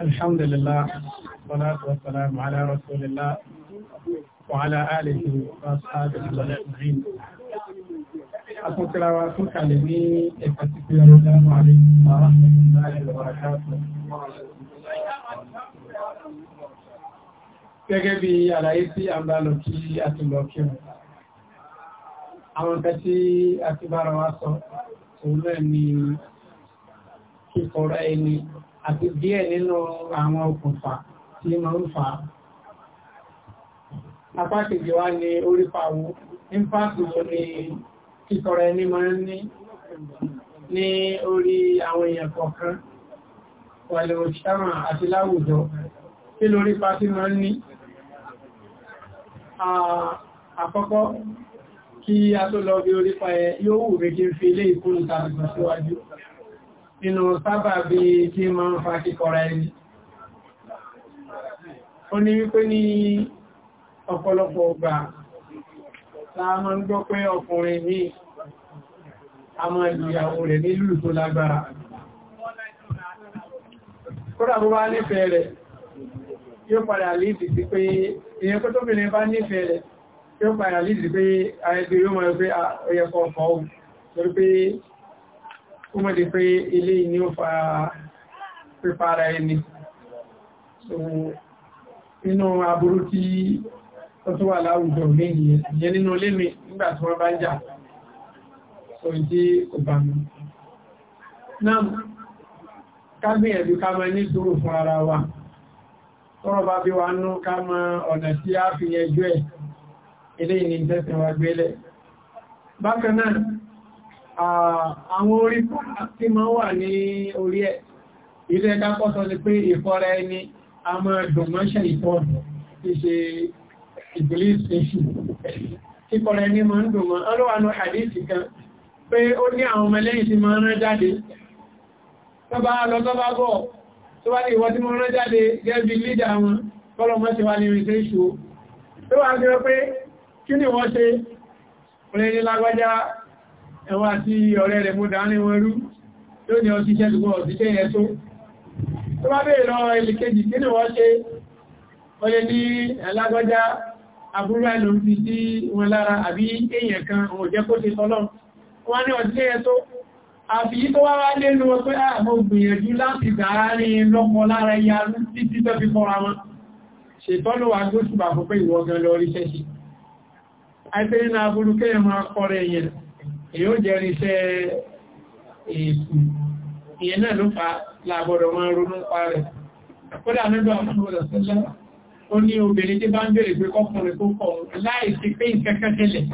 الحمد لله والصلاة والسلام على رسول الله وعلى آله وأصحابه أجمعين أتوكل وأتوكل لمي أتكبر السلام عليكم ورحمة الله وبركاته gẹ́gẹ́ bí àlàyé tí a ń bá lọ kí a ti lọ kí wọn àwọn nǹkan tí a ti bára wá sọ òun náà ni kíkọrọ ẹni àti díẹ̀ nínú àwọn okùnfà tí ma ń fà á. Apá kejì wá ní orípawó, ìmpáàkì wo ni kíkọrọ ẹni ma ń ní ní orí àwọn èèyàn kọ̀ọ̀kan, pẹ̀lú òṣìṣẹ́ràn àti láwùjọ, kí lórí pa tí ma ń ní. Àkọ́kọ́, kí a tó lọ bí orípa ẹ yóò wù mí kí n fi ilé ìkúnnù tàbí nínú sábàbí tí ma ń fa kíkọrẹ ẹni ó ní wípé ní ọ̀pọ̀lọpọ̀ ọgbà láà máa ń gbọ́ pé ọkùnrin ní a máa ìyàwó rẹ̀ nílùú tó lágbára kódà bó bá nífẹ̀ẹ́ rẹ̀ yóò padà lìdì sí pé èyàn kó tóbìnrin bá yóò padà lìdì pé ayẹgbẹ̀ yóò máa pé ọyẹ̀kọ̀ ọ̀fọ̀ ó mọ́ di pé ilé ni ó fa pípára ẹni so nínú aburú tí ó tó wà láwùjọ mẹ́yìn ìyẹn nínú ilé mi nígbà tí wọ́n bá ń jà so ìdí kò bá mi náà ká gbìyànjú ká máa ní sùúrù fún ara wa tọ́rọ bá bí wa nú ká mọ ọ̀nà tí a fi yẹjú ẹ̀ ilé ìní tẹ́sẹ̀ wa gbélẹ̀ bákan àwọn orí pàá tí ma wà ní orí ẹ̀ ilé ẹ̀dápọ̀ sọ ni pé ìfọ́ra ẹni a máa dùnmọ́ṣẹ́ ìfọ́nù ti ṣe ìbìlìs ìṣù ìfọ́ra ẹni ma ń dùnmọ́ ọlọ́wànú àdíṣì kan pé ó ní àwọn ọmọlẹ́yìn tí ma rán jáde tọ́bá lọ tọ́bá bọ̀ tó wá ní ìwọ́ tí ma rán jáde gẹ́bí lídà wọn kọ́lọ̀mọ́ ti wá ní irinṣẹ́ ìṣù kí ni wọ́n ṣe orin ní lágbájá ẹwà tí ọ̀rẹ́ rẹ̀ mú dáárín wọn rú tó ní ọtíṣẹ́ lùgbọ́ ọtíṣẹ́ yẹn tó tó bá bèèrè lọ ẹlẹ́kejì kí ni wọ́n ṣe ọlẹ́ ní alágọ́já àbúrú ẹlò ti dí wọn lára àbí èèyàn kan òun jẹ́ kó ti tọ́lọ́ wọ́n ní ọtíṣẹ́ yẹn tó àfi tó wá wá lẹ́nu wọn pé àmọ́ ah, gbìyànjú láti dáárín lọ́pọ̀ lára ya títí tó fi fọ́ra wọn ṣètọ́lù wa gbóṣùbà fún pé ìwọ̀gan lọ rí ṣẹ́ṣì àìpé nínú aburú èyí ó jẹ́ irinṣẹ́ èkù ìyẹn náà ló fa láàbọ̀dọ̀ wọn ronú pa rẹ̀ kódà nígbà ọmọdé sẹ́lẹ̀ ó ní obìnrin tí bá ń bèèrè pé kọkùnrin kó kọ̀ láì sí pé ìkẹ́kẹ́ tẹ́lẹ̀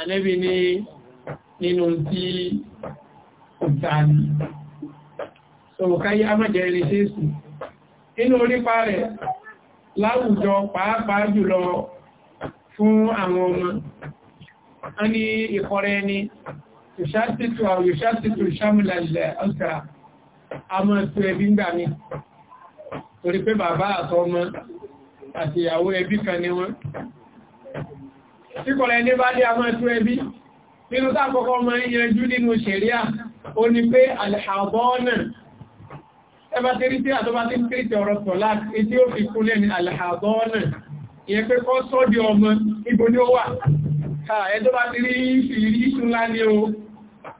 anẹ́bí ní nínú tí ìtàní sọ̀rọ̀káyí a máa jẹ́ irinṣẹ́ èsù inú orípa rẹ̀ láwùjọ pàápàá jùlọ fún àwọn ọmọ a ní ìkọrẹ ẹni yòṣàtìtò àwọn yòṣàtìtò ìṣàmìlẹ̀ ọ̀sà àmọ́ ètò ẹbí ń gbà mí torí pé bàbá àtọmọ àti ìyàwó ẹbí kan ni wọ́n síkọ̀rẹ̀ ẹni bá dé àmọ́ ètò ẹbí nínú sáàkọ́kọ́ ọmọ ìyànjú nínú ṣẹ̀ríà ó ní pé alìhàbọ́ọ̀nà ẹbá tí ẹjọ́ bá ti rí ìṣù ìrí ìṣù ńlá ní o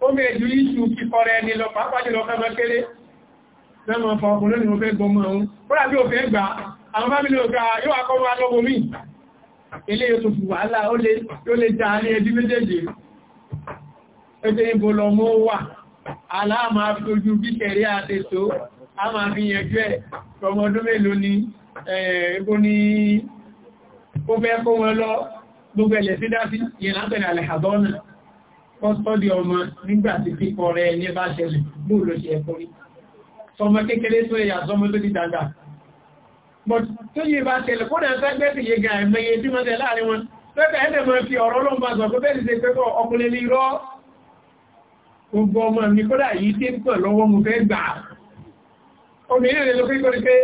ó mẹ́jú ìṣù kíkọ́ rẹ̀ ní lọ pàápàá jùlọ fẹ́ mẹ́kẹ́rẹ́ lẹ́mọ̀ ọ̀fọ̀ ọkùnrin ni ó fẹ́ gbọmọ ọ̀hún kúrà bí ó fẹ́ gbà àwọn bá mi lè gbà yóò akọrọ alọ́gbọ̀n mi ilé yóò fi wàhálà ó lè dáa ní ẹbí méjèèjì ẹgbẹ́ ìbò wọn lọ gbogbo ẹ̀lẹ̀ sí dá sí ìrànbẹ̀rẹ̀ alẹ́hàdọ́nà kọ́sọ́dì ọmọ nígbàtí pípọ̀ rẹ̀ ní bá ṣẹlẹ̀ gbóò ló ṣe ẹ̀kọ́ rí sọmọ kékeré tó ẹ̀yà sọmọ tó ti dàgbà tó yìí bá ṣẹlẹ̀ kó dẹ̀ fẹ́ gbẹ́sì yé ga ẹ̀mẹ́yẹ tí wọ́n tẹ̀ láàrin wọn pẹ́pẹ́ ẹ̀dẹ̀ mọ́ fi ọ̀rọ̀ ló máa sọ pé bẹ́ẹ̀ ṣe pẹ́pọ̀ ọkùnrin ní irọ́ gbogbo pé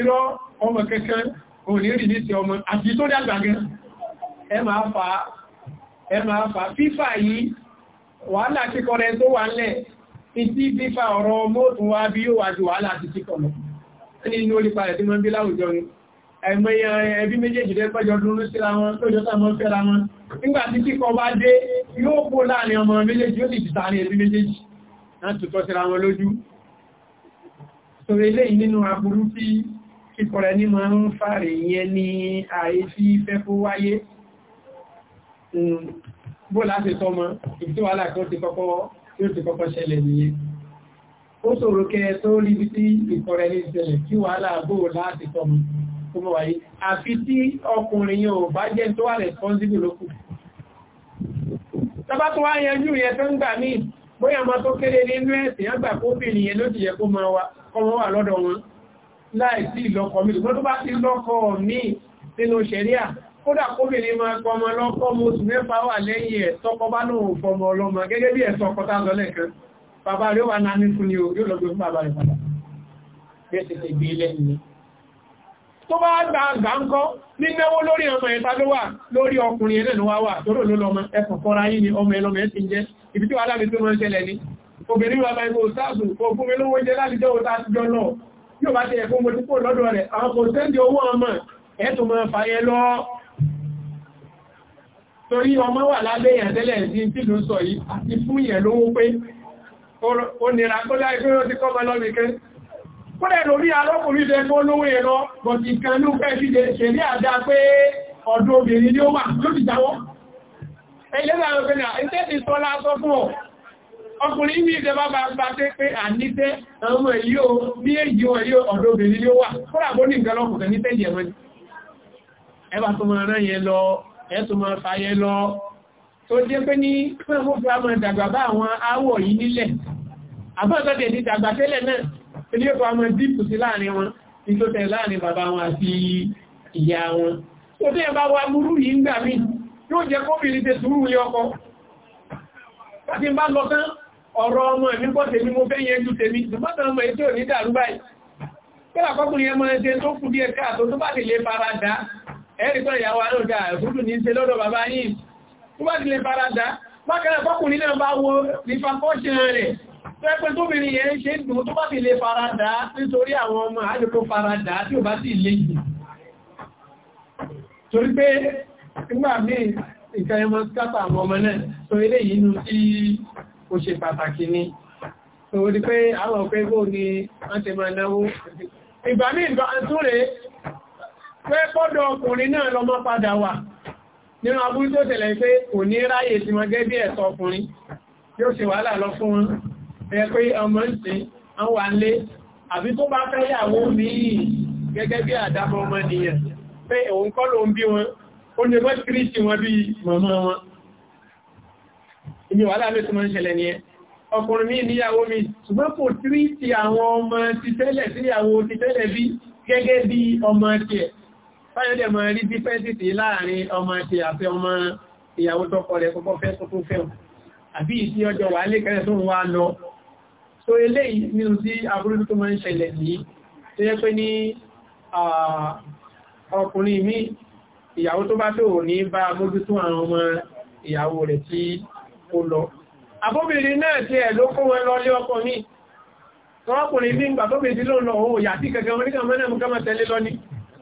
irọ́ ọmọ kankan òní rí ní ti ọmọ àti tó dàgbà ẹ máa fà ẹ máa fà fífà yìí wàhálà kíkọ rẹ tó wà lẹ̀ ìtí fífà ọ̀rọ̀ mọ́tún wá bí yóò wá ju wàhálà àti kíkọ lọ ní inú orípa rẹ̀ tí mọ́ bí láwùjọ ni ẹ̀mọ̀yẹ ẹbí méjèèjì lẹ́gbẹ́jọ dúró síra wọn lójọ sàmọ́ fẹ́ra wọn nígbà tí kíkọ bá dé yóò kó láàrin ọmọ méjèèjì yóò sì ti tààrin ẹbí méjèèjì láti tọ́ síra wọn lójú so eléyìí nínú aburú tí kíkọ rẹ̀ ní máa ń fẹ́ kó wáyé bó láti tọ́mọ ibi tí wà láti ó ti kọ́kọ́ ṣẹlẹ̀ nìyẹn ó ṣòro kẹ tó rí bí tí ìkọrẹ ní ìṣẹlẹ̀ kí wà láàbò láti tọ́mọ tó mọ́ wáyé àfi tí ọkùnrin yóò bá jẹ́ tó wà responsible lókù tọba tó wá yẹn yúù yẹn tó ń gbà míì bóyá ọmọ tó kéré nínú ẹ̀sìn àgbà kóbìnrin yẹn ló ti yẹ kó máa wà kọmọ wà lọ́dọ̀ wọn láì sí ìlọ́kọ̀ míì ṣùgbọ́n tó kódà kóbìnrin máa gbọmọ lọ́kọ́ mo sì mẹ́fà wà lẹ́yìn ẹ̀ tọ́kọ bá lóòrùn fọmọ ọlọ́mọ gẹ́gẹ́ bí ẹ̀sọ́ ọkọta lọ lẹ́kan bàbá rẹ̀ wà náà ní fún ni yóò lọ gbé fún bàbá rẹ̀ padà tó bá ni ọmọ ẹlọmọ ẹ̀ ti ń jẹ́ ibi tí wà láti tó mọ́ ń ṣẹlẹ̀ ní obìnrin wà bá ikú sáàsù kò fún mi lówó jẹ́ láti jọ́wọ́ tá ti jọ lọ yóò bá ti ẹ̀kọ́ mo ti kó lọ́dọ̀ rẹ̀ àwọn kò fàyẹ lọ torí ọmọ wà lábẹ́ èèyàn tẹ́lẹ̀ sí tìlú sọ yìí àti fún yẹn lówó pé ó nira kó láì pé ó ti kọ́ mọ́lọ́mìkẹ́ kúrẹ̀ lórí alọ́kùnrin fẹ́ kó lówó ẹ̀rọ bọ̀tí kan ló fẹ́ sí ṣe ní àdá pé ọ̀dọ̀ obìnrin ni ó wà ló ti jáwọ́ ẹ̀lẹ́gbà ọ̀gbẹ̀nà iṣẹ́ ti sọ lásọ fún ọ ọkùnrin ní ìjẹba bá bá pé pé àníṣẹ́ ọmọ èyí o ní èyí o èyí ọ̀dọ̀ obìnrin ni ó wà kúrà bó ní nǹkan lọ́kùnrin ní tẹ́jì ẹ̀mọ́ ni ẹbà tó mọ̀ rán yẹn lọ ẹ̀tù máa fàyẹ lọ tó jẹ́ pé ní pẹ́mọ́ fàmà dàgbà bá àwọn áwọ̀ yìí nílẹ̀ àbọ́sọ́dẹ̀ ti dàgbà tẹ́lẹ̀ náà ní ó fàmà dípù sí láàrin wọn ní tó tẹ̀ láàrin bàbá wọn àti ìyá wọn tó tẹ́ bá wa múrú yìí ńgbà mí yóò jẹ́ kóbìnrin tẹ sùúrù ní ọkọ láti bá lọ tán ọ̀rọ̀ ọmọ ẹ̀rìkọ́ ìyàwó alóòdá ẹ̀fúrú ní ṣe lọ́dọ̀ bàbá yìí tó bá ti lè farada bákẹ́rẹ̀ fọ́kùnrin náà bá wo ìfàkọ́ṣìn rẹ̀ pẹ́pẹ́ tó bìí yẹn ṣe dùn tó bá ti lè farada nítorí àwọn ọmọ àjòkó farada tí ò bá sì lè jù torí pé nígbà míì ìkẹyẹmọ skápà àwọn ọmọ náà tó ilé yìí nù tí ó ṣe pàtàkì ni tó rí pé àwọn ọ̀pẹ́ gbóò ni wọ́n ti máa náwó ìgbà míì tó rèé pé pọ́dọ̀ ọkùnrin náà lọmọ padà wà nínú abúrú tó tẹ̀lẹ̀ pé kò ní ráyè tí wọ́n gẹ́ bí ẹ̀tọ́ ọkùnrin yóò ṣe wàhálà lọ fún wọn ẹ pé ọmọ ń sin án wà ń lé àbí tó bá fẹ́ yàwó míì gẹ́gẹ́ bí àdámọ́ ọmọ nìyàn pé òun ọkùnrin míì níyàwó mi ṣùgbọ́n kò tírí ti àwọn ọmọ ti tẹ́lẹ̀ síyàwó ti tẹ́lẹ̀ bí gẹ́gẹ́ bí ọmọ tiẹ̀ fáyọ́dẹ̀ mọ̀ rí dífẹ́ǹsì láàrin ọmọ ti àfẹ́ ọmọ ìyàwó tọ́kọ rẹ̀ kọ́kọ́ fẹ́ tó tó fẹ́ àbí ìtí ọjọ́ wà lé kẹrẹ tó ń wá lọ so eléyìí nínú tí aburú tó máa ń ṣẹlẹ̀ ní ọkùnrin mi ìyàwó tó bá tó ò ní bá mójútó àwọn ọmọ ìyàwó rẹ̀ tí ó lọ abóbìnrin náà ti mi ọkùnrin mi ń gbà tóbi ìdílò lọ òun yàtí mú kẹ́mọ̀ tẹ́lé lọ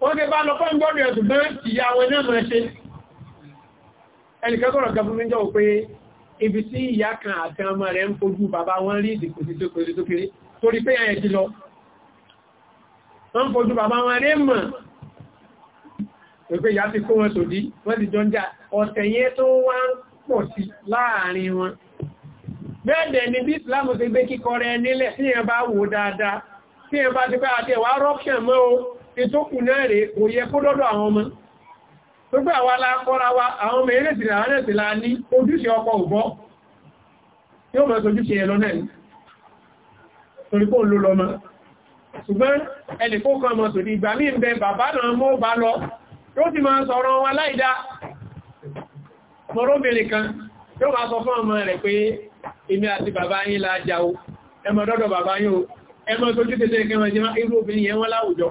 wọ́n tẹ bá lọ fẹ́ gbọ́dọ̀ ẹ̀sùn bẹ́ ìyá àwọn ẹ̀nà mọ̀ ṣe ẹnìkan tọ́rọ̀ gẹ́gẹ́ fún jọ pé ibi tí ìyá kan àti ọmọ rẹ̀ ń fojú bàbá wọn rí ìdìkò sí tó pẹ̀lú tó kéré torí pé ẹ̀yẹ ti lọ wọ́n fojú bàbá wọn rí mọ̀ pé ìyá ti kó wọn sòdí wọ́n ti jọ ń jà ni bí Islam ti gbé kíkọ rẹ̀ nílẹ̀ tí ẹ bá ètò kù náà rẹ̀ kò yẹ kó dọ́dọ̀ àwọn ọmọ tó gbà wá lákọ́ra wa àwọn ọmọ eré ìsìnlẹ̀ àwọn ẹ̀sìn la ní ojúṣe ọkọ òbọ́ yóò mọ̀ ojúṣe ẹ̀ lọ́nà ẹ̀ torí kó ló lọ́mọ ṣùgbọ́n ẹnì kó kan mọ̀ tòdí ìgbà mí ń bẹ bàbá náà mọ́ bá la jà o ẹmọ dọ́dọ̀ bàbá yín o ẹmọ tójú tẹ́tẹ́ kẹmọ jẹ́ irú obìnrin yẹn wọ́n láwùjọ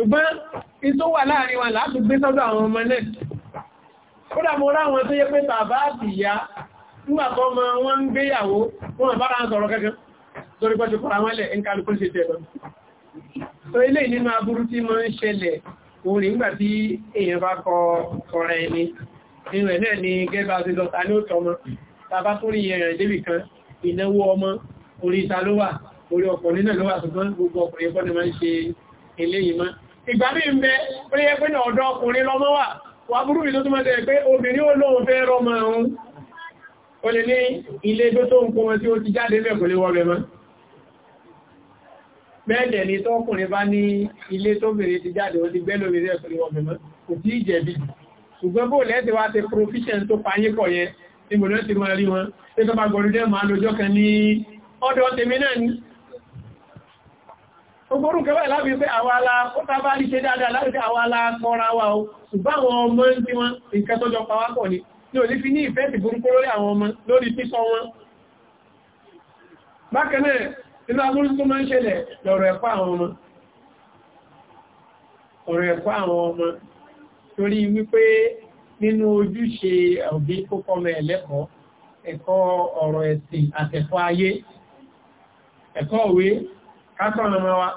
ṣùgbọ́n in tó wà láàrin wa láti gbé sọ́dọ̀ àwọn ọmọ náà kódà mo ráwọn tó yẹ pé bàbá àti ìyá nígbàtọ́ ma wọ́n ń gbéyàwó wọ́n bára ń sọ̀rọ̀ kankan torí pẹ́ ṣùkọ́ra wọ́n lẹ̀ ń orí ńgbà ni gẹ́gbà ti lọ ta ní ó tọmọ tàbá tó rí ẹ̀rẹ̀ débì kan ìnáwó ọmọ orí ta ló wà orí ọkùnrin náà ló wà ṣùgbọ́n gbogbo ọkùnrin kọ́ ni máa ń ṣe eléyìí máa ìgbà mí ń bẹ ó yẹ pé náà ọ̀dọ́ ọkùnrin lọ́mọ wà wà burú ìlú tó máa tẹ̀ pé obìnrin ó lóun fẹ́ rọmọ ọ̀hún ó lè ní ilé tó tó ń kó wọn tí ó ti jáde mẹ́ kò lè wọ́ rẹ̀ mọ́ bẹ́ẹ̀dẹ̀ ni tọ́kùnrin bá ní ilé tó bèèrè ti jáde ó ti gbẹ́lómi rẹ̀ kò lè wọ́ rẹ̀ mọ́ kò tí ìjẹ̀bi ṣùgbọ́n bó lẹ́ẹ̀tẹ̀ wá ti proficient tó payípọ̀ yẹn Ogorú kẹwàá lábí pé àwọn alá kọ́ta bá ní ṣe dáadáa láti àwọn alá kọ́ra wa o, ṣùgbọ́n àwọn ọmọ ń tí wọ́n nǹkan tó jọ pàwápọ̀ ni, ní ò ní fi ní ìfẹ́ ti burúkú lórí àwọn ọmọ lórí písọ wọn. Bákanáà, inú agbórí tó máa ń ṣẹlẹ̀ lọ̀rọ̀ ẹ̀kọ́ àwọn Ọ̀rọ̀ ẹ̀sìn àtẹ̀kọ́ ayé ẹ̀kọ́ òwe kásọ̀nà mọ́ wa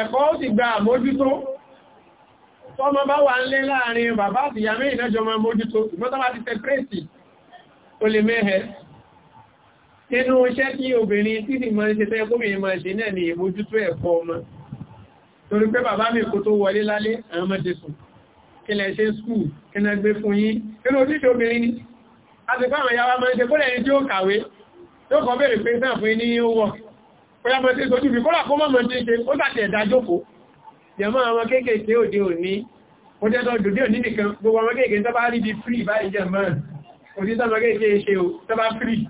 ẹ̀kọ́ ó sì gba àmójútó tọ́mọ bá wà ń lé láàrin bàbá àti ìyá mẹ́rin náà jọmọ mójútó ìgbọ́tọ́bá ti tẹ́pẹ́sì ó lè mẹ́hẹ̀ nínú iṣẹ́ tí obìnrin tí sì mọ́ ṣe tẹ́ gómìnà mọ́ ṣe náà ni ìmójútó ẹ̀kọ́ ọmọ torí pé bàbá mi kò tó wọlé lálé àwọn ọmọ ti kí ni a ti fáwọn ìyá wa mọ́ ṣe kó pẹ̀lẹ́mọ̀tí sojú bí kọ́lá kó mọ́mọ̀ tí ṣe ó tàtẹ̀ ẹ̀dá jókòó jẹmọ́ àwọn kéèkéèké òde òní ó jẹ́tọ́ dòdé òní nìkan gbogbo àwọn kéèkéè tó bá rí bí free báyìí jẹmọ́ òdí tọ́mọ kéèkéè ṣe ó tó bá free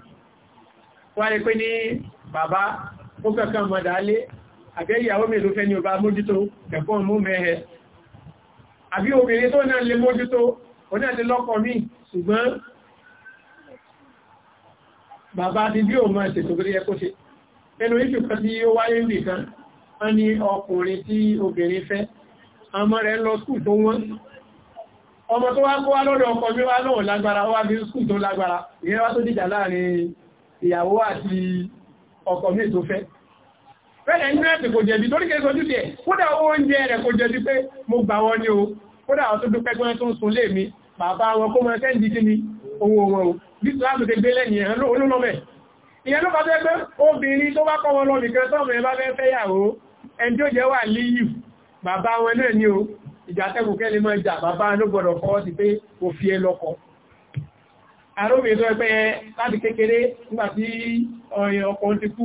wá rí pé ní bàbá ó kẹ́kàn mọ̀ dálé àbẹ́ ìyàwó mélòó fẹ́ ni ò bá mójútó ẹ̀fọ́n mú mẹ́hẹ àbí obìnrin tó náà lè mójútó ó náà lè lọ́kọ míì ṣùgbọ́n bàbá ti bí òun máa ṣètò tó yẹ kó ṣe ẹnu ìṣù kan tí ó wáyé nìkan a ní ọkùnrin tí obìnrin fẹ́ àmọ́ rẹ̀ lọ skù tó wọ́n ọmọ tó wá kó wá lọ́dọ̀ ọkọ mi wá lọ́wọ́ lágbára wá bí skù tó lágbára ìyẹn wá tó dìjà láàrin ìyàwó àti ọkọ mi tó fẹ́ fẹ́lẹ̀ ní ẹ̀sìn kò jẹ̀bi torí o kódà ọ̀tún ni owó wọn o ìyẹn ló pàtẹ́ pé obìnrin tó bá kọ́ wọn lọ nìkan sọ́mọ̀ ẹbá fẹ́ fẹ́ yàwó ẹni tí ó jẹ́ wà líyù bàbá wọn náà ní o ìjàtẹ́kù kẹ́lẹ̀ mọ́ ìjà bàbá ló gbọ́dọ̀ kọ́ sí pé kò fi ẹ lọ́kọ arúbìn tó ẹgbẹ́ láti kékeré nígbàtí ọ̀yìn ọkọ ti kú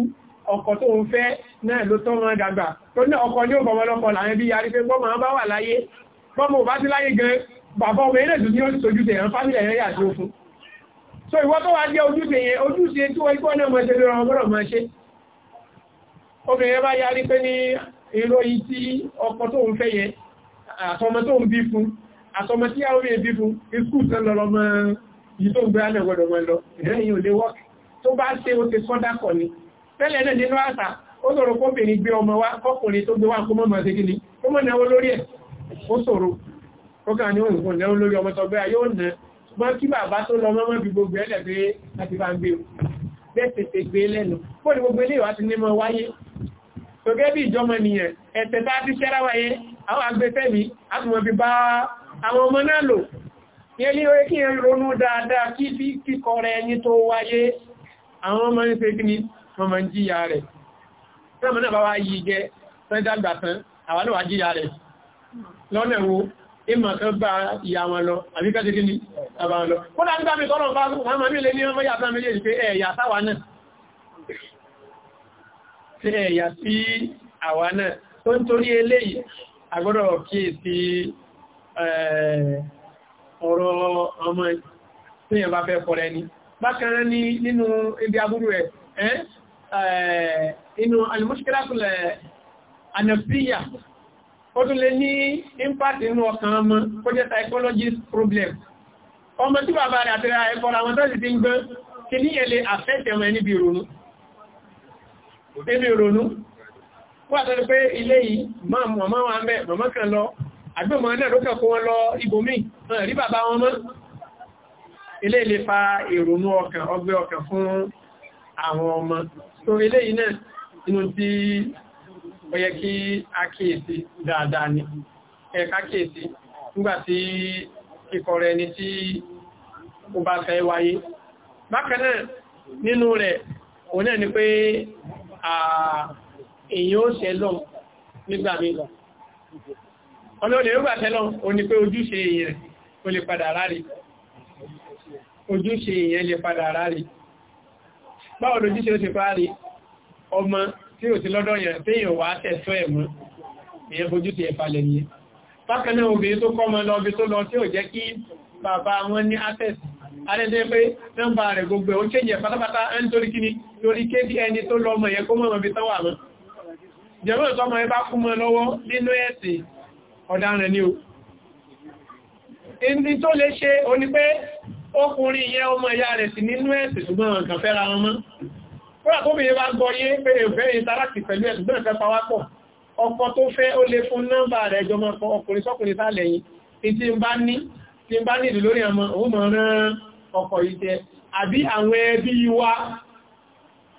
ọkọ tó ń fẹ́ náà ló tọ́ wọn dàgbà tó ní ọkọ ní òbọ̀mọ́ lọ́kọ làwọn ẹbí yarí pé gbọ́mọ̀ bá wà láyé gbọ́mọ̀ bá sí láyé gan bàbá ọmọ ilé ìdùn ní ó ti sojú tẹ̀yàn fámìlì ẹ̀yà tí ó fún so ìwọ tó wá jẹ́ ojúṣe yẹn ojúṣe tí wọ́n ikọ́ náà mọ́ṣe lórí ọmọbọ̀rọ̀ máa ṣe obìnrin bá yarí pé ní ìròyìn tí ọkọ tó ń fẹ́ yẹn àtọmọ tó ń bí fún àtọmọ tí àwọn èèyàn bí fún iskú tán lọ lọmọ yìí tó ń gbé ánà ni tẹ́lẹ̀ wa kọkùnrin tó gbé wá kó mọ́mọ́ sí kíni ó mọ́ náwó lórí ẹ̀ mọ́ kí bàbá tó lọ mọ́mọ́ bí gbogbo ẹlẹ̀ pé láti bá ń gbé o bẹ́ẹ̀tẹ̀tẹ̀ gbé lẹ́nu fún ní gbogbo eléwà ti nímọ̀ wáyé tó gẹ́ bí ìjọmọ nìyẹn ẹ̀tẹ̀ tá ti ṣẹ́ra wáyé àwọn agbẹ́fẹ́ mi àtùmọ̀ bí bá ni wọ́n máa ń jíyà rẹ̀ tọ́mọ náà bá wá yí jẹ́ ìmọ̀ kan bá ìyá wọn lọ àbí kẹ́ tẹ́kí ní àbá wọn lọ kó láti gbámi tọ́lọ̀ bá wọn mọ̀ mílẹ̀ ní ọmọ yà bá mílẹ̀ pé ẹ̀yà sáwà náà tí ẹ̀yà sí àwa náà tó ń torí eléyìí agbọ́dọ̀ kí sí ó tún lè ní impact inú ọkàn ọmọ kó jẹ́ psychologist problem ọmọ tí bàbá rẹ̀ àti ẹ̀kọ́ àwọn tó sì ti ń gbọ́ kí ní ẹlẹ́ affect ọmọ ẹni bí ìrònú ẹbí ìrònú wà tó lè pé ilé yìí màmá wà mẹ́ màmá kan lọ àgbẹ̀mọ̀ náà ló kẹ́kọ́ wọn lọ ibòmí rí bàbá wọn mọ́ ilé ilé fa ìrònú ọkàn ọgbẹ́ ọkàn fún àwọn ọmọ so ilé yìí náà inú tí ó yẹ kí a kíyèsí dáadáa ni ẹ̀ká kíyèsí nígbàtí ikọ̀ rẹ̀ ni tí ó bá fẹ́ wáyé bákan náà nínú rẹ̀ òun náà ni pé èyàn ó ṣẹ lọ nígbà mi lọ ọlọ́lẹ̀ ó gbàṣẹ́ lọ o ni pé ojúṣe èyàn ó lè padà rárí ojúṣe èyàn lè padà rárí báwọn ojúṣe ó ti parí ọmọ tí ò sí lọ́dọ̀ yẹn tí yíò wá tẹ̀sọ́ ẹ̀ mú ìyẹn fojú ti ẹ̀fàlẹ̀ yìí bákanáà obìnrin tó kọ́mọ lọ bí tó lọ tí ò jẹ́ kí bàbá wọn ní access arẹ́dẹ́ pé nọ́mbà rẹ̀ gbogbo ẹ̀ ó chẹ́jẹ̀ pátápátá ń torí kíní lórí kébí ẹni tó lọ mọ̀ yẹ kó mọ̀ bí tánwà mọ́ jẹ́mọ́ ìtọ́mọ ẹ bá ọmọ ìyá kọ́lá tó bèèrè bá gbọ́ yé pẹ̀lú ìfẹ́ ìtarákì pẹ̀lú ẹ̀sùn bẹ̀rẹ̀ fẹ́ pawápọ̀ ọkọ tó fẹ́ ó lè fún nọ́mbà rẹ̀ jọmọ ọkùnrin sọ́kùnrin sálẹ̀ yìí tí ń bá ní tí ń bá ní ìlú lórí ọmọ òun mọ̀ rán ọkọ̀ yìí jẹ àbí àwọn ẹbí wa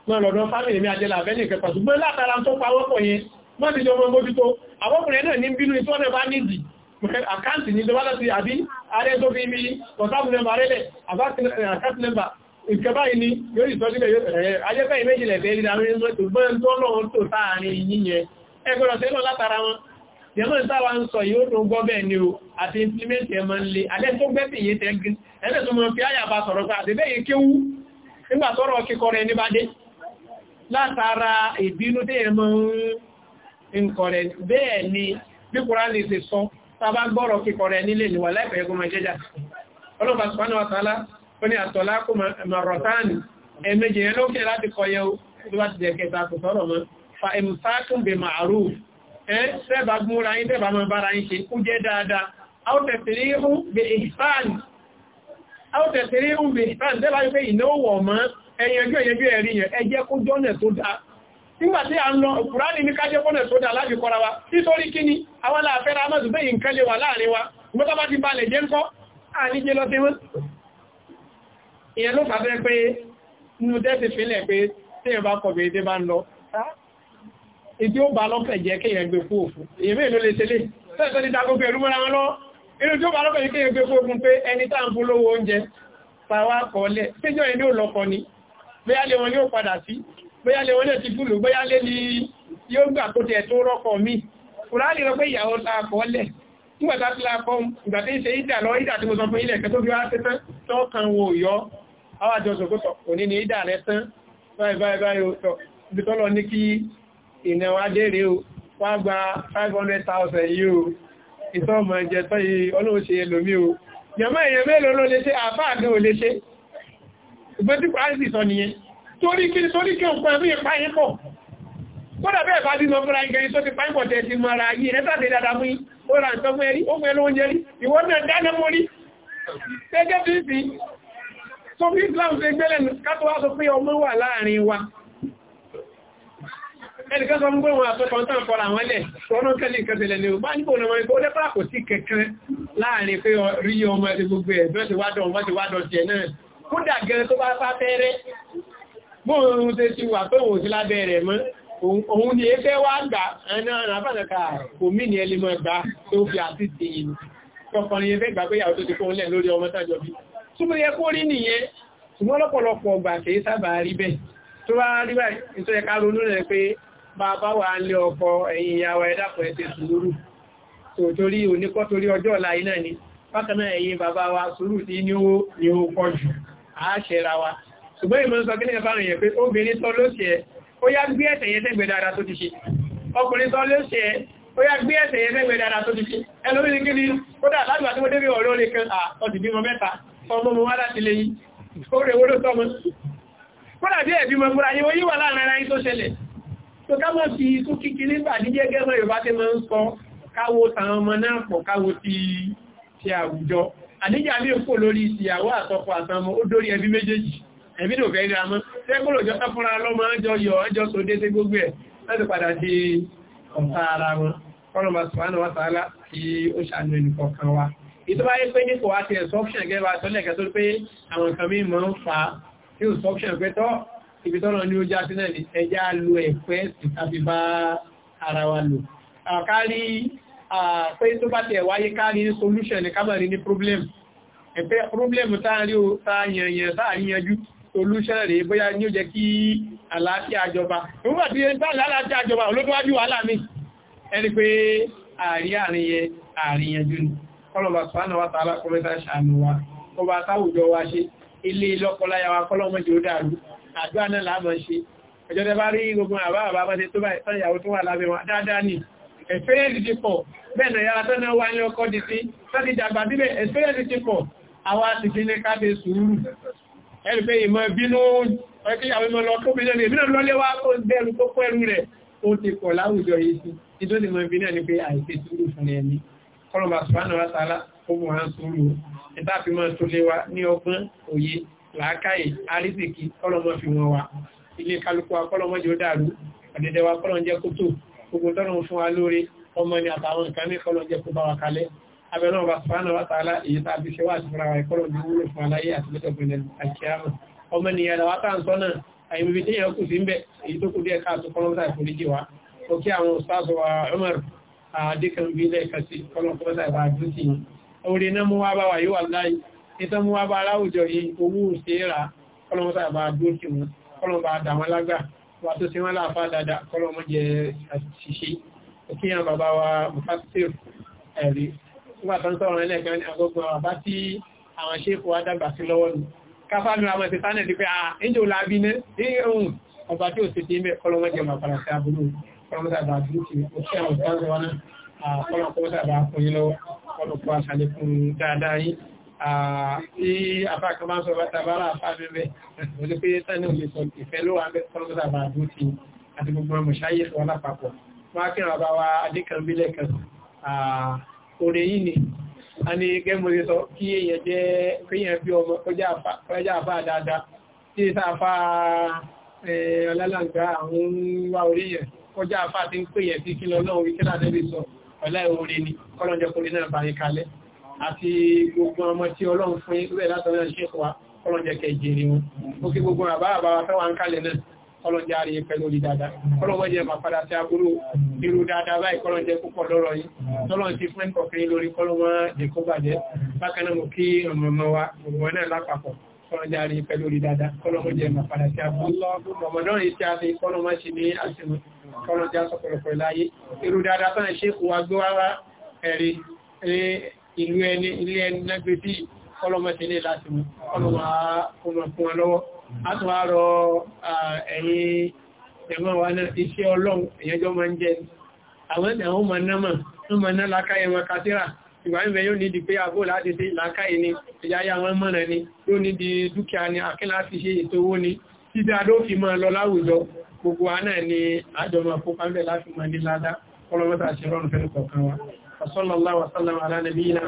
wọn lọ́dọ̀ fámìlì mi àjẹlà abẹ́lẹ̀ ìkẹfà ṣùgbọ́n látara tó pawọ́pọ̀ yẹn wọ́n ti jọmọ mójútó àwọ́kùnrin náà ní bínú ìtọ́ náà bá nídì àkáǹtì ní ìjọba láti àbí ààrẹ tó fi mi ọ̀sáàbù nẹ́mbà rẹ̀lẹ̀ àkáǹtì nẹ́mbà ìjọba ìní yóò ìsọ́sílẹ̀ ajẹ́fẹ́ ìméjìlẹ̀ fẹ́ rí àwọn ẹgbẹ́ tó gbọ́n tó lọ́wọ́ tó sáàrin yíyẹn ẹgbẹ́rọ̀ tẹ́lọ látara wọn yẹmọ́ ìsáwà ń sọ yóò tó gbọ́ bẹ́ẹ̀ ni o àti implement ẹmọ ń le alẹ́ tó gbẹ́sì yé tẹ́gbẹ́ ẹ̀lẹ́ tó mọ̀ fi àyàbá sọ̀rọ̀ pé àti bẹ́ẹ̀ kéwú nígbà sọ̀rọ̀ kíkọ rẹ̀ ní bádé látara ìbínú tẹ́ ni bí kúránì ti sọ tàbá gbọ́rọ̀ ó ní àtọ̀lákò marotani ẹ̀mẹ́jì yẹn lókè láti kọyẹ tó bá ti jẹ́ kẹta kò sọ́rọ̀ mọ́ fa imsakun bi ma'ruf ẹ́ sẹ́bà gúnra yín tẹ́bà mọ́ bára yín ṣe kú jẹ́ dáadáa áwọ̀tẹ̀sìríhùn bi ihsan tẹ́bà yóò pé ìnáwọ̀ mọ́ ẹ̀yẹnjú ẹ̀yẹnjú ẹ̀rí yẹn ẹ jẹ́ kó jọ́nà tó dáa nígbàtí ni àwọn aláàfẹ́ra mọ́sùgbé ìǹkan lè wà láàrin wa mọ́tọ́ bá ti balẹ̀ jẹ́ ń kọ́ àníjẹ́ lọ sí ìyẹn ló fàbẹ́ pé inú dẹ́sì fílẹ̀ pé tí ẹ bá kọ̀bẹ̀ èdè bá ń lọ ìdí ó bá lọ́pẹ̀ jẹ́ kí ìyẹn gbé fún òfin èyí mẹ́ ló lè ṣe lé tẹ́ẹ̀tọ́ ti dágbó pẹ̀lú mọ́ra wọn lọ inú tí ó bá lọ́pẹ̀ jẹ́ gbé fún òfin pé ẹni tá ni bóyá lé wọn yóò padà sí bóyá lé wọn lè ti fúlù bóyá lé ni yóò gbà àwàjọ ṣògbótọ̀ òní ní ìdà rẹ tán báyìí ibi tọ́lọ ní kí ìnẹ̀wà dèrè o wá gba 500,000 yìí o ìtọ́mọ̀ ẹ̀jẹ̀ tọ́ yìí ọlọ́run ṣe ẹlòmí o yàmá èèyàn mélòó ló lè ṣe àfáàgbé ò lè ṣe ìgbẹ́tí pàásì sọ nìyẹn torí kí ní torí kí o ẹ̀mí ìpáyín pọ̀ kódà bẹ́ẹ̀ bá bímọ fúnra ìgbẹ̀yìn tó ti páyín pọ̀ tẹ̀ ti mọ ara yìí rẹ́ tàbí dáadáa mú ó ra nǹkan fún ẹrí ó fún ẹlóúnjẹ rí ìwọ́n náà dáná mọ́ rí gẹ́gẹ́ bí sí so bí Islam ṣe gbẹ́lẹ̀ kátó wá sọ pé ọmọ wà láàrin wa ẹnìkan sọ mú gbọ́nà àtọ́kọ̀ tán kọ́ra àwọn ilẹ̀ ọ̀nà kẹ́lì ìkẹsẹ̀lẹ̀ ni ó bá nígbò náà ikú ó dẹ́pàá kò sí kẹ̀kẹ́ láàrin pé rí ọmọ ẹ̀sẹ̀ gbogbo ẹ̀ bẹ́ẹ̀ ti wádọ̀ wọ́n ti wádọ̀ jẹ náà kódà gẹ́rẹ́ tó bá fá fẹ́rẹ́ bóòrùn ṣe ti wà pé òun sí lábẹ́ rẹ̀ mọ́ òun ni ẹgbẹ́ wá gbà ẹ̀nà àbánàkà kò mí ní ẹlẹ́mọ̀ gbà tó fi àti tèyìn tọkọrin ẹgbẹ́ gbà pé ìyàwó tó ti kó ń lẹ̀ lórí ọmọ tájọ bí súnmọ́ yẹ kó rí nìyẹn ṣùgbọ́n lọ́pọ̀lọpọ̀ ọgbà kì í sábà rí bẹ́ẹ̀ tó bá rí báyìí tó yẹ ká ronú rẹ̀ pé bàbá wà ń lé ọkọ ẹ̀yìn ìyàwó ẹ̀dàpọ̀ ẹ̀ ti sùúrù torí oníkọ́ torí ọjọ́ wa sùúrù tí ní ó ní ó pọ̀ jù àáṣẹ́ra wa ṣùgbọ́n ìmọ̀ sọ kílẹ̀ fáwọn èèyàn pé obìnrin tọ́ lóṣẹ́ ó yá gbé ẹ̀sẹ̀ yẹn tẹ́gbẹ̀ dára tó ti ṣe ọkùnrin tọ́ lóṣẹ́ ó ni kódà láti tí mo débi ọ̀rọ̀ lè kan àtọ́dìbímọ mẹ́ta ọmọ mọ́ wá láti lè yìí orí ewúrò tọ́mọ́ kọ́nà bí ẹ̀bí mọ́ fúra yíwọ́ yíwà láàrin ara yín tó ṣẹlẹ̀ tó kámọ́ fi ikú kíkí nígbà díjẹ́ gẹ́mọ́ Yorùbá tí máa ń sọ káwo tàwọn ọmọ náà pọ̀ káwo ti ṣe àwùjọ àdíjà bí òkú lórí ìyàwó àtọkọ àtọmọ ó dórí ara wọn kọ́nà sọ̀rọ̀ wá sàálà tí ó ṣàánú ẹnìkọ̀ọ̀kan wa ìtọ́bá yẹ́ pé nípò àti ẹ̀sọ́pṣẹ̀ gẹ́gbà tọ́lẹ̀kẹ́ tó pé àwọn nǹkan mí mọ́ ń fa tí ó sọ́pṣẹ̀ pé tọ́ ibi tọ́lọ ní ó já sí náà ní ẹjá lo ẹ̀pẹ́ sí tàbí bá ara wa lò àkárí solution ní problem ẹ̀pẹ́ problem táàrí o táàyànyàn táàríyànjú solution rẹ̀ bóyá ní ó jẹ́ kí àlàáfíà jọba nígbà tí ó ń tààrí àlàáfíà jọba olókòwájú wàhálà mi ẹni pé àárí àárín ni kọlọ̀bà sọ́nà wa tààlà kọmẹ́ta ṣàánú wa kó bá táwùjọ wa ṣe ilé lọ́kọláyà wa kọlọ̀mọ́jì ó dàrú àdúrà náà láàmọ́ ṣe ẹjọ́ tẹ rí gbogbo àbá àbá bá ṣe tó bá ìyàwó tó wà lábẹ́ wọn dáadáa ni experience ti pọ̀ bẹ́ẹ̀nà yára tó náà wá ní ọkọ̀ di sí láti dàgbà síbẹ̀ experience ti pọ̀ àwa ti fi ní káfẹ́ sùúrù ẹ̀rù pé ìmọ̀ bínú ọkíyàwó mọ́ lọ tó bínú rẹ̀ bínú lọ́lé wá kó bẹ́ẹ̀rù kọlọ̀bà sùfánà wá tààlá ogun hàn sùúrù ìtàfi máa tó lé wa ní ọgbọ́n òye làákàyè àrísìkí kọlọ̀mọ́ fi wọn wa ilé kálukú wa kọlọ̀mọ́ jẹ́ ó dàrú àdẹ̀dẹ̀ wa kọlọ̀ jẹ́ kótó ni àtàwọn nǹkan ní kọlọ̀ wa kalẹ̀ abẹ́nà ọba sùfánà wá tààlá èyí wa ìkọlọ̀ ní wúlò fún aláyé àti lẹ́tọ̀gbìnrin ni yàrá wa tàǹsọ́ náà àyèmí bí téèyàn kù sí ń bẹ̀ èyí tó kù díẹ̀ káàtó kọlọ́mọ́tà ìforíjì wa àwọn òṣìṣẹ́ wa Umar àdíkan bí lẹ́ẹ̀kan sí ọlọ́pọ̀lọpọ̀ ìbá àdúsí orí náà mú wá bá wà yíwà láì ìtọ́ mú wá bá aláwùjọ yìí owó òṣèrà ọlọ́pọ̀lọpọ̀ ìbá àdúsí wọn ọlọ́pọ̀ àdàwọn lágbà wà tó sí wọ́n láàfá dáadáa kọlọ́mọ jẹ àṣìṣe òkíyàn bàbá wa mufassir ẹ̀rí nígbà tó ń sọ̀rọ̀ ẹlẹ́ẹ̀kan ní agogo àbá tí àwọn ṣéèkù wa dàgbà sí lọ́wọ́ nù káfá mi àwọn ìsìtánẹ̀ ti pé à lábí ní ọba kọ́lọ́sàbà àti òṣìṣẹ́ àwọn ìtọ́sẹ̀ wọn náà kọ́lọ́kọ́lọ́sàbà fún yí lọ́wọ́ kọ́lọ́kọ́ àṣàlékún dáadáa yìí tí afákan máa ń sọ bátàbára àfáàmẹ́mẹ́ òjú pé tánà òye sọ ìfẹ́ ló wà ń bẹ́ kọ́lọ́sàbà àdó ti àti gbogbo ọmọ ṣáyé sọ lápapọ̀ máa kí ràbá wa adékan ni a ní gẹ́mọ̀ sí sọ kí èèyàn jẹ́ kéèyàn bí ọmọ kọjá àfá dáadáa tí ìsáfá ọlálàǹgbá àwọn wá orí yẹn kọjá àfá àti ń pè yẹ sí kílọ lọ́wọ́ wíkílá nẹ́bí sọ ọ̀lá ìwòrè ni kọlọ̀jẹ́kùnrin náà bá rí kalẹ̀ àti gbogbo ọmọ tí ọlọ́run fún ìwẹ̀ látọ̀rọ̀ ṣe wa kọlọ̀jẹ́kẹ́ jèrè wọn ó kí gbogbo àbá àbára fẹ́ wà ń kalẹ̀ náà kọlọ̀jẹ́ àríyẹ pẹ̀lú orí dáadáa kọlọ̀wọ́jẹ́ pàpàdà sí agbúrú irú dáadáa báyìí kọlọ̀jẹ́ púpọ̀ lọ́rọ̀ yìí tọ́lọ̀ ti fún ẹ̀kọ̀kiri lórí kọ́lọ́jà rí pẹ̀lú orí dáadáa kọ́lọ́mọdé ẹ̀mà padà sí àbúlọ́ ọmọdọ́rin ìṣẹ́ àti kọ́lọ́mọ́ sí ní àṣìmọ̀ kọ́lọ́jà sọ̀pọ̀lọpọ̀ láyé irú dáadáa tọ́nà ṣe kò wá gbówárá ẹ̀rí ìlú ẹni ilé ẹni lẹ́gbẹ̀ tí kọ́lọ́mọ́ sí ní láṣìmọ̀ kọ́lọ́mọ́ fún wọn lọ́wọ́ a tún wá rọ ẹ̀yìn ẹ̀mọ́ wa náà iṣẹ́ ọlọ́run èyànjọ́ máa ń jẹ àwọn ẹ̀mọ́ mọ̀ ìgbà ìbẹ̀ yóò nídi pé àgbò láti sí làákàyè ni ìyáyà wọn mọ́rẹ̀ ni yóò nídi dúkìá ni àkílá ti ṣe ètò owó ni títí adó fi mọ́ lọ láwùjọ gbogbo àná ni àjọmọ̀ fókànbẹ̀ láti mọ́ ní ládá kọlọmọ́ta ṣe rọrùn fẹ́ kọ̀ọ̀kan wa sallallahu wasallam ala nabiyyina